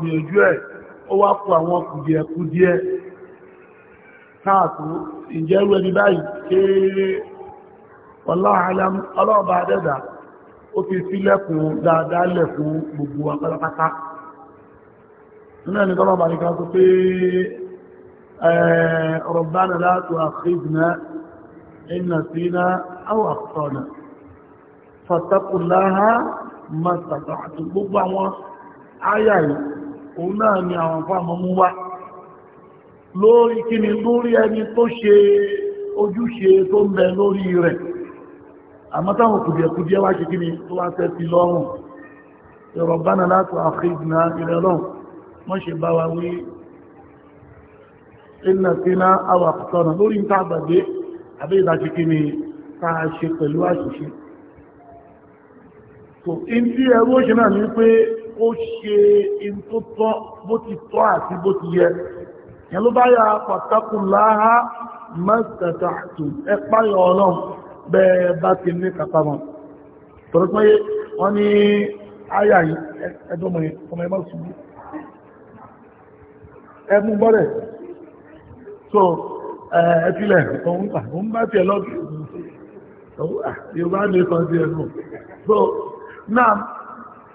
gbìyànjú ẹ̀ ó wá kó àwọn kùdìẹ̀kùdìẹ̀ káàkó ìjẹ́rú ẹni báyìí kéré ọlọ́ọ̀bá dẹ́dà ó fi sílẹ̀kùn dáadáa lẹ̀ gbogbo apátápátá nínú ẹni tọ́lọ́bà ní káàkó pé ربنا gbogbo àwọn áyà yìí òun náà ni àwọn fáàmọ́ mú wá lórí kíni lórí ẹni tó ṣe ojúṣe tó ń bẹ lórí rẹ̀ àmọ́ táwọn kùdìẹ̀kùdìẹ̀ wá ṣe kíni tó wá tẹ́ ti lọ́rùn Rabbana la tu'akhidhna ìrẹ̀lọ́rùn mọ́ ṣe bá wa wí inna fina aw akhtana lórí ń tàbàdé àbí ìdájí kíni táa ṣe pẹ̀lú àṣìṣe náà ní pé kó ṣe in tó tọ́ bó ti tọ́ àti bó ti yẹ yẹn ló bá yà pàtàkùnláhá mẹ́sàtàtù ẹpáyọ̀ ọlọ́run bẹ́ẹ̀ bá ti ní kàtàmọ̀ tọ́rọpẹ́yẹ wọ́n ní àyà yìí ẹgbọ́mọ̀ ọmọ ẹmọ́ ṣubú ẹmú gbọ́rẹ̀ so ẹ̀fílẹ̀ ọ̀hún bà ń bá tiẹ̀ lọ́gbẹ̀ẹ́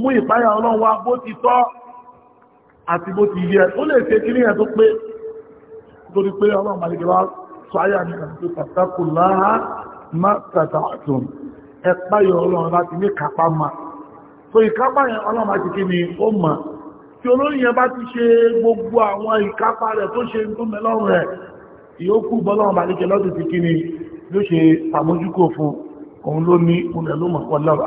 mú ìpáyà ọlọ́run wá bó ti tọ́ àti bó ti yẹ ó lè ṣe kíní ẹ̀ tó pé torí pé ọlọ́run màlìkìlá sọ ayà ní àti pàtàkù láhá má tàtà àtùn ẹ̀páyà ọlọ́run láti ní kápá ma so ìkápá yẹn ọlọ́run àti kí ni ó mọ̀ tí olórin yẹn bá ti ṣe gbogbo àwọn ìkápá rẹ̀ tó ṣe tó mẹ́lọ́run rẹ̀ ìyókù bọ́lọ́run màlìkìlá ti kí ni ló ṣe àmójúkò fún òun ló ní òun lẹ̀ ló mọ̀ pọ̀ lọ́rọ̀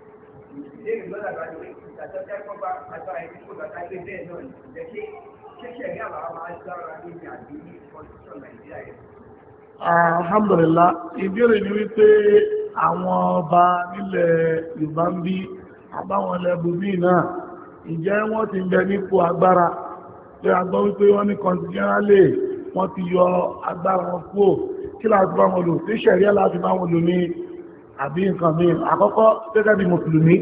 ìbéèrè lọ́nà àbájọ pé ìtàjọ́já kọ́ba agbára ẹni kò bàtà gbé bẹ́ẹ̀ náà ní jẹ́ pé ṣẹ́ṣẹ́ ní àwọn àwọn agbára níbi àbí ní constitution Nàìjíríà yẹn. Alhamdulillah, ìbéèrè ni wípé àwọn ọba nílẹ̀ Yorùbá ń bí àbáwọn ẹlẹ́bùnmí náà, ìjẹ́ wọ́n ti ń bẹ nípò agbára pé a gbọ́ wípé wọ́n ní constitutionally wọ́n ti yọ agbára wọn kúrò kí láti bá wọn lò tí ṣẹ̀rí láti bá wọn lò ní àbí nǹkan mi àkọ́kọ́ gẹ́gẹ́ bí mùsùlùmí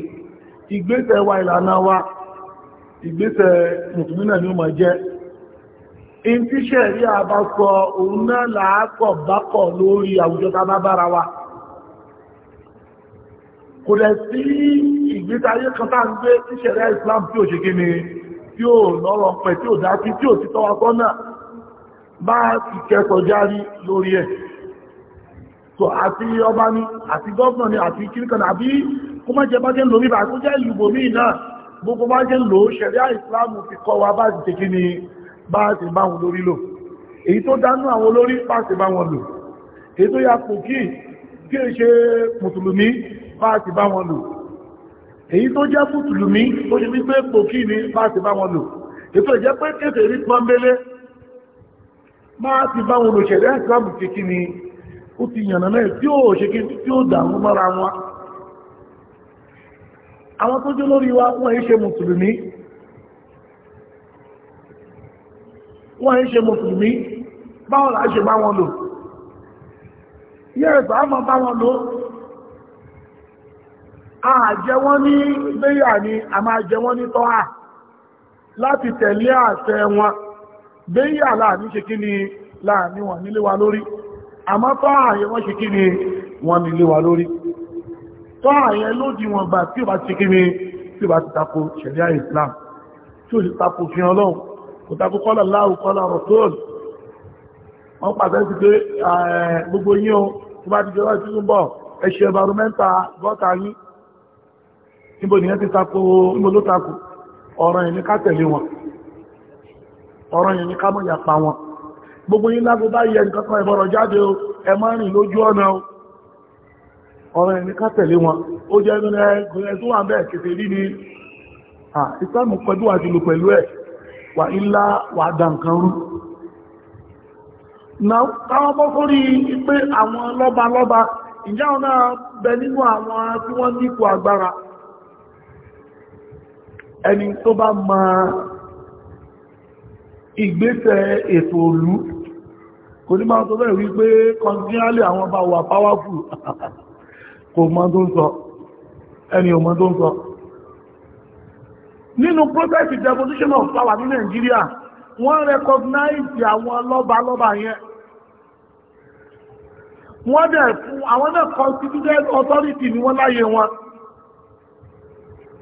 ìgbésẹ̀ wa ìlànà wa ìgbésẹ̀ mùsùlùmí náà ni ó máa jẹ́ in tí ṣẹ̀rí àbákọ òun náà làákọ̀ bákọ̀ lórí àwùjọ tá bára wa kò dẹ̀ sí ìgbésẹ̀ ayé kan tá ń gbé tí ṣẹ̀rí Islam tí ò ṣe kí ni tí ò lọ́rọ̀ pẹ̀ so àti ọba ni àti gọ́ọ̀nà ni àti kíríkan àbí kó má jẹ bá jẹ́ ń bá kó jẹ́ ìlúbò ní ìná gbogbo bá jẹ́ ń lò ṣẹ̀ríà ìsìláàmù fi kọ́ wa bá ti tẹ́kí ni bá ti bá wọn lórí lò èyí tó dánú àwọn olórí bá ti bá wọn lò èyí tó ya kò kí kí è ṣe mùsùlùmí bá ti bá wọn lò èyí tó jẹ́ mùsùlùmí tó ṣe wípé kò kí ni bá ti bá wọn lò èyí tó jẹ́ pé kéfèrí pọ́nbélé bá ti bá wọn lò ṣẹ̀ríà ìsìláàmù fi kí ni ó ti yànnà náà tí ó ṣe kí tí ó dààmú mọ́ra wọn àwọn tó jẹ́ lórí wa wọ́n ń ṣe mùsùlùmí wọ́n ń ṣe mùsùlùmí báwọn là ṣe bá wọn lò yẹ́rẹ̀ sàámọ̀ bá wọn lò àjẹ wọ́n ní bẹ́yà ni a máa jẹ wọ́n ní tọ́hà láti tẹ̀lé àṣẹ wọn bẹ́yà láàrin ṣe kí ni láàrin wọn nílé lórí àmọ́ tọ́ àyẹ wọ́n ṣe kí ni wọ́n nílé wa lórí tọ́ àyẹ lódì wọn gbà tí ó bá ṣe kí ni tí ó bá ti tako ṣẹ̀ríà Islam tí ó sì tako fi hàn lọ́hùn kò tako kọ́lá láhù kọ́lá rọ̀tọ́ọ̀lù wọ́n pàṣẹ sí pé gbogbo yín o tó bá ti jọba tí ó ń bọ̀ ẹ̀ṣẹ̀ ẹ̀bàrúmẹ́ta gọ́ta yín níbo nìyẹn ti tako níbo ló tako ọ̀rọ̀ yẹn ni ká tẹ̀lé wọn ọ̀rọ̀ yẹn ni ká mọ̀ yà pa wọn gbogbo yín lágbo yẹ nǹkan kan ìbọ̀rọ̀ jáde o ẹ máa rìn lójú ọ̀nà ọ̀rọ̀ ẹni ká tẹ̀lé wọn ó jẹ́ ẹgbẹ̀rẹ̀ tó wà pẹ̀lú wà kò ní máa tó bẹ́ẹ̀ wí pé kọndínálì àwọn bá wà páwáfù kò mọ́ tó ń sọ ẹni ò mọ́ tó ń sọ nínú process deposition of power ní Nigeria, wọ́n recognize àwọn lọ́balọ́ba yẹn wọ́n dẹ̀ fún àwọn náà constituted authority ni wọ́n láyé wọn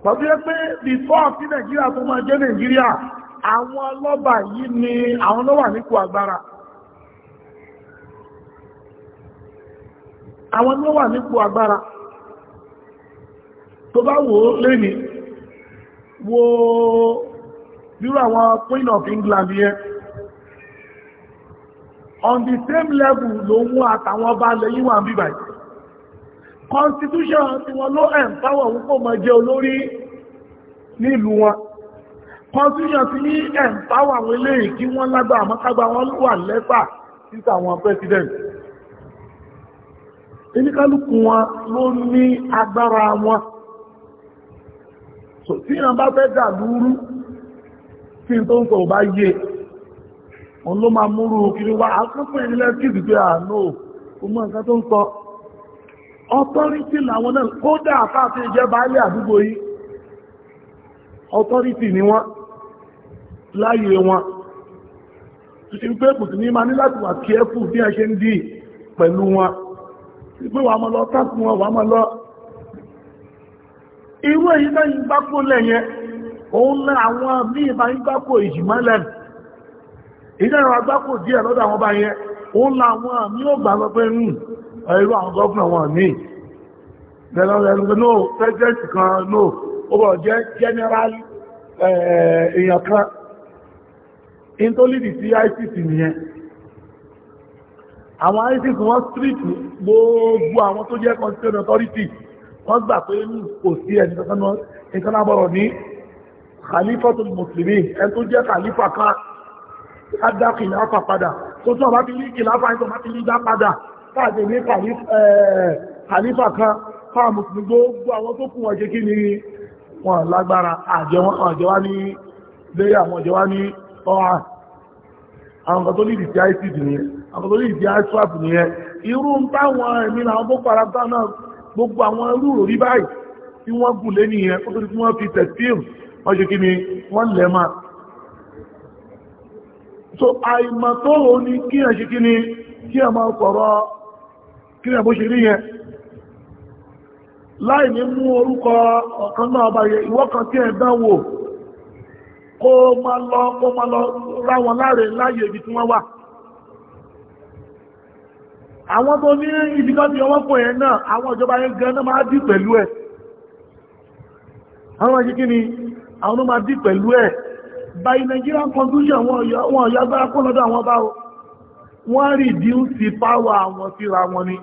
pọ̀bí pé before sí Nàìjíríà tó máa jẹ́ Nàìjíríà àwọn lọ́ba yìí ni àwọn ló wà nípò agbára àwọn ní wà nípò agbára tó bá wò ó lẹ́ni wo bírò àwọn Queen of England yẹn on the same level ló mú àtàwọn ọba lẹ́yìn wà ń bíbà constitution tí wọ́n ló empower òun kò mọ̀ jẹ́ olórí nílùú wọn constitution ti ní empower àwọn eléyìí kí wọ́n lágbà àmọ́kágbà wọn wà lẹ́fà títà àwọn president oníkálùkù wọn ló ní agbára wọn so tí wọ́n bá fẹ́ dà lúrú tí n tó ń sọ bá yé òun ló máa múrú kiri wá akọ́pọ̀ ìrìnlẹ̀ kìdì pé àánú ah, ọmọ nǹkan tó ń sọ ọtọ́rítì làwọn náà kódà àfáàfin ìjẹba ilé àdúgbò yìí ọtọ́rítì ni wọ́n láyé wọn tuntun pé kò ní ma ní láti wà kí ẹ fún bí ẹ ṣe ń dì pẹ̀lú wọn ìpé wà mọ́ lọ tákùn wọn wà mọ́ lọ irú èyí náà yìí gbápò lẹ́yẹn òun náà àwọn míì máa ń gbápò ìjìmọ́lẹ̀ ìdára wa gbápò díẹ̀ lọ́dọ̀ àwọn bá yẹn òun náà àwọn àmì ò gbà lọ pé ń hmm, ẹ̀rọ àwọn gọ́ọ̀fúnà wọn ní ìrẹ̀lẹ́lẹ́lẹ́ no president kan no ó bọ̀ jẹ́ general eh, èèyàn kan in tó lìdí sí ICC nìyẹn àwọn isis wọ́n street gbogbo àwọn tó jẹ́ constitution authority wọ́n gbà pé kò sí ẹni kankan náà bọ̀rọ̀ ní khalifa tó mùsùlùmí ẹni tó jẹ́ khalifa kan adá kìláfà padà tó tún ọba ti rí kìláfà ẹni tó bá ti rí dá padà káàdé ní khalifa kan fáà mùsùlùmí gbogbo àwọn tó kún wọn ṣe kí ni wọn lágbára àjẹwá ní léyà wọn jẹwá ní àwọn kan tó lè dìtì icd nìyẹn àwọn iswap n'ihe iru gbogbo àwọn ti fi so àìmọ̀ tó hò ní kí kí ni kí ẹ̀ máa kọ̀rọ̀ kí ẹ̀ bó ṣe rí yẹn láì ní mú orúkọ ọ̀kan náà ìwọ́kan tí ẹ̀ dánwò kó má lọ kó má lọ ráwọn láre láyé ibi tí wọ́n wà àwọn tó ní ibi tó ti ọwọ́ pọ̀ yẹn náà àwọn ìjọba yẹn gan náà máa dì pẹ̀lú ẹ̀ àwọn ìṣẹ́ kí ni àwọn máa dì pẹ̀lú ẹ̀ by Nigerian constitution wọn ọ̀yá agbára kó lọ́dọ̀ àwọn bá o wọ́n rí díú sí pàwà àwọn síra wọn ni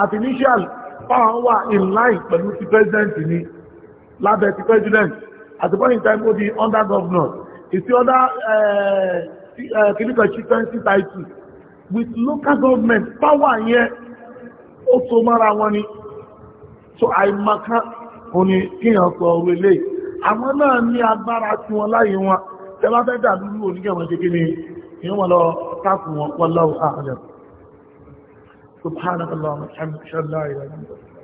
at initial pàwà wà in line pẹ̀lú ti president ni lábẹ́ ti president At the point in time, ó di under governor. It's the other uh, uh, clinical chieftaincy title. With local government, power yẹn, ó so mọ́ra wọn ni. So àìmọ̀kan òní kíyàn sọ orí ilé. Àwọn náà ní agbára tí wọ́n láyé wọn. Tẹ́lá fẹ́ dàbí lú oníkẹ̀wọ̀n ṣe kí ni ìwọ̀n lọ tákùn wọn pọ́lọ́wọ́ ààrẹ. Subhanallah, Alhamdulillah, Alhamdulillah.